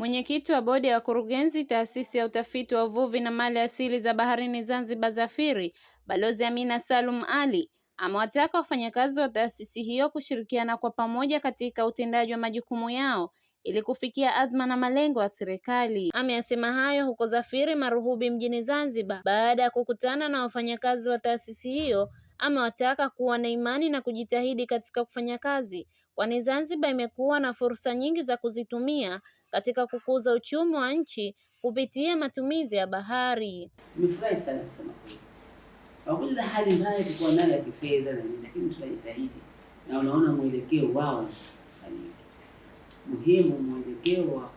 Mwenyekiti wa bodi ya wakurugenzi taasisi ya utafiti wa uvuvi na mali asili za baharini Zanzibar ZAFIRI Balozi Amina Salum Ali amewataka wafanyakazi wa taasisi hiyo kushirikiana kwa pamoja katika utendaji wa majukumu yao ili kufikia azma na malengo ya serikali. Ameyasema hayo huko ZAFIRI Maruhubi mjini Zanzibar baada ya kukutana na wafanyakazi wa taasisi hiyo amewataka kuwa na imani na kujitahidi katika kufanya kazi, kwani Zanzibar imekuwa na fursa nyingi za kuzitumia katika kukuza uchumi wa nchi kupitia matumizi ya bahari. sana kusema pamoja na hali mbaya tulikuwa nayo ya kifedha, lakini tunajitahidi na unaona mwelekeo wao fanyike muhimu, mwelekeo wa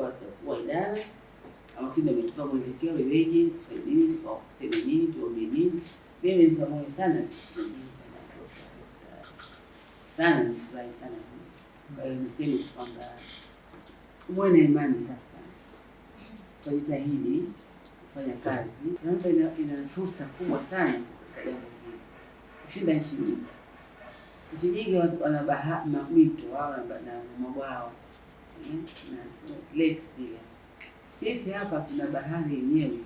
wakubwa wa idara mwelekeo weje, tufanye nini, tuseme nini, tuombe nini mimi mkamoyo sana sana, nifurahi sana. Kwa hiyo niseme kwamba muwe na imani sasa, wajitahidi kufanya kazi. Zanzibar ina, ina fursa kubwa sana katika jambo hili kushinda nchi nyingi. Nchi nyingi wana mito au na mabwawa eh, na lake zile, sisi hapa tuna bahari yenyewe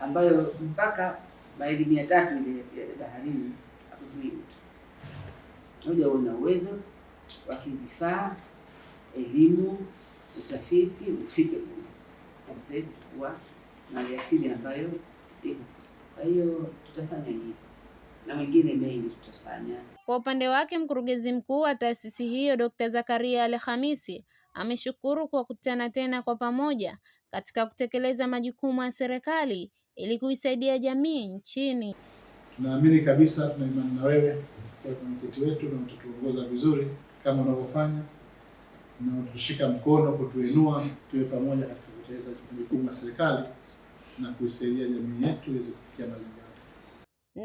ambayo mpaka maili mia tatu ile ya baharini akuzuii mtu moja. Una uwezo wa kivifaa, elimu, utafiti, ufike wa maliasili ambayo ipo. Kwa hiyo tutafanya hivi na mwingine mengi tutafanya. Kwa upande wake, mkurugenzi mkuu wa taasisi hiyo Dr. Zakaria Al-Khamisi ameshukuru kwa kukutana tena kwa pamoja katika kutekeleza majukumu ya serikali ili kuisaidia jamii nchini. Tunaamini kabisa, tuna imani na wewe kwa mwenyekiti wetu, na utatuongoza vizuri kama unavyofanya, na utushika mkono kutuinua, tuwe pamoja katika kutekeleza jukumu la serikali na kuisaidia jamii yetu iweze kufikia malengo yake.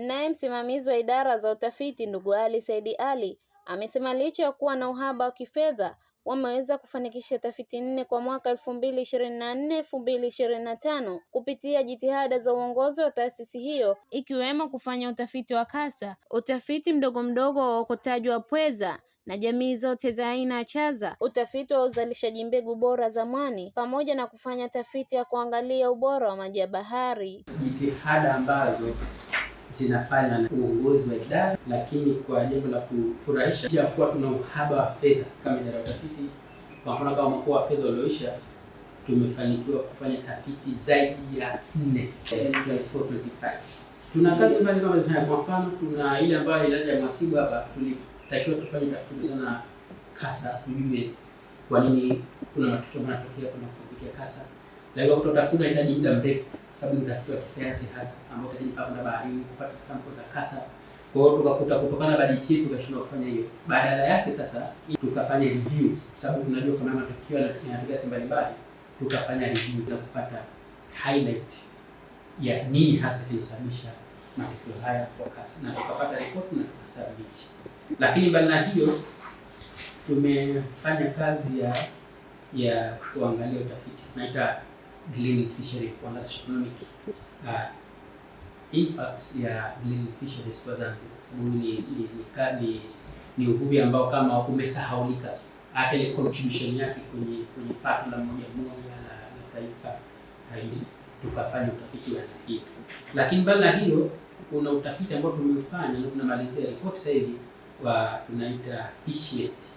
Naye msimamizi wa idara za utafiti ndugu Ali Saidi Ali amesema licha ya kuwa na uhaba wa kifedha wameweza kufanikisha tafiti nne kwa mwaka elfu mbili ishirini na nne elfu mbili ishirini na tano kupitia jitihada za uongozi wa taasisi hiyo ikiwemo kufanya utafiti wa kasa, utafiti mdogo mdogo wa uokotaji wa pweza na jamii zote za aina ya chaza, utafiti wa uzalishaji mbegu bora za mwani, pamoja na kufanya tafiti ya kuangalia ubora wa maji ya bahari, jitihada ambazo zinafanywa na uongozi wa idara, lakini kwa jambo la kufurahisha ya kuwa tuna uhaba wa fedha kama idara ya utafiti. Kwa mfano kama mkoa wa fedha ulioisha tumefanikiwa kufanya tafiti zaidi ya nne, tuna kazi mbalimbali. Kwa mfano tuna ile ambayo ilani ya hapa, tulitakiwa tufanye tafiti sana kasa, tujue kwa nini kuna matukio yanatokea kuna kufikia kasa Lengo la utafiti unahitaji muda mrefu sababu utafiti wa kisayansi hasa ambao utaji kwenda baharini kupata sample za kasa. Kwa hiyo tukakuta kutokana na bajeti yetu tukashindwa kufanya hiyo. Badala yake sasa tukafanya review sababu tunajua kuna matukio na yanatokea sehemu mbalimbali. Tukafanya review na kupata highlight ya nini hasa kilisababisha matukio haya kwa kasa, na tukapata report na submit. Lakini mbali na hiyo tumefanya kazi ya ya kuangalia utafiti naita Glenn Fishery kuandaa economic uh, impacts ya Glenn Fisheries kwa Zanzibar, sababu ni ni, ni, ni uvuvi ambao kama umesahaulika, hata ile contribution yake kwenye kwenye pato la moja moja la taifa haidi, tukafanya utafiti wa hiyo. Lakini baada ya hilo, kuna utafiti ambao tumeufanya na tunamalizia ripoti sasa hivi wa tunaita Fish Waste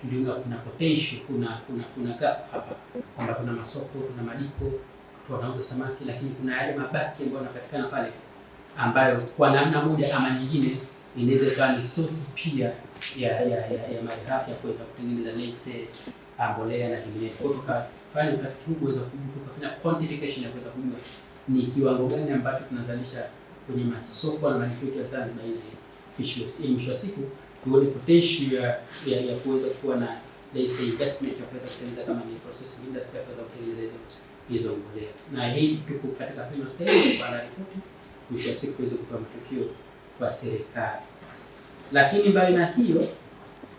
tuliona kuna potential, kuna kuna kuna gap hapa kwamba kuna masoko, kuna madiko wanauza samaki, lakini kuna yale mabaki ambayo yanapatikana pale ambayo kwa namna moja ama nyingine inaweza ikawa ni source pia ya ya ya malighafi ya kuweza kutengeneza lense ah, mbolea na vinginevyo. Kwa tukafanya utafiti huu kuweza kufanya quantification ya kuweza kujua ni kiwango gani ambacho tunazalisha kwenye masoko na madiko yetu ya Zanzibar hizi fish waste, ili mwisho wa siku tuone potential ya, ya, ya kuweza kuwa na let's say investment ya kuweza kutengeneza kama ni processing industry ya kuweza kutengeneza hizo mbolea, na hii tuko katika final stage kwa ripoti mwisho wa siku kuweza kutoa matokeo kwa serikali. Lakini mbali na hiyo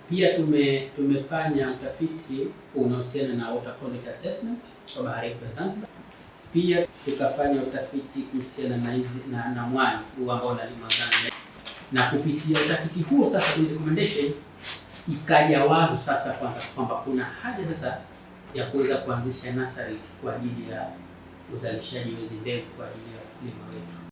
pia tume, tumefanya utafiti unaohusiana na water quality assessment kwa bahari ya Zanzibar. Pia tukafanya utafiti kuhusiana na, na, na mwani ambao unalima Zanzibar na kupitia utafiti huo sasa kwenye recommendation ikaja wazo sasa kwamba kuna haja sasa ya kuweza kuanzisha nasari kwa ajili ya uzalishaji wa hizi mbegu kwa ajili ya wakulima wetu.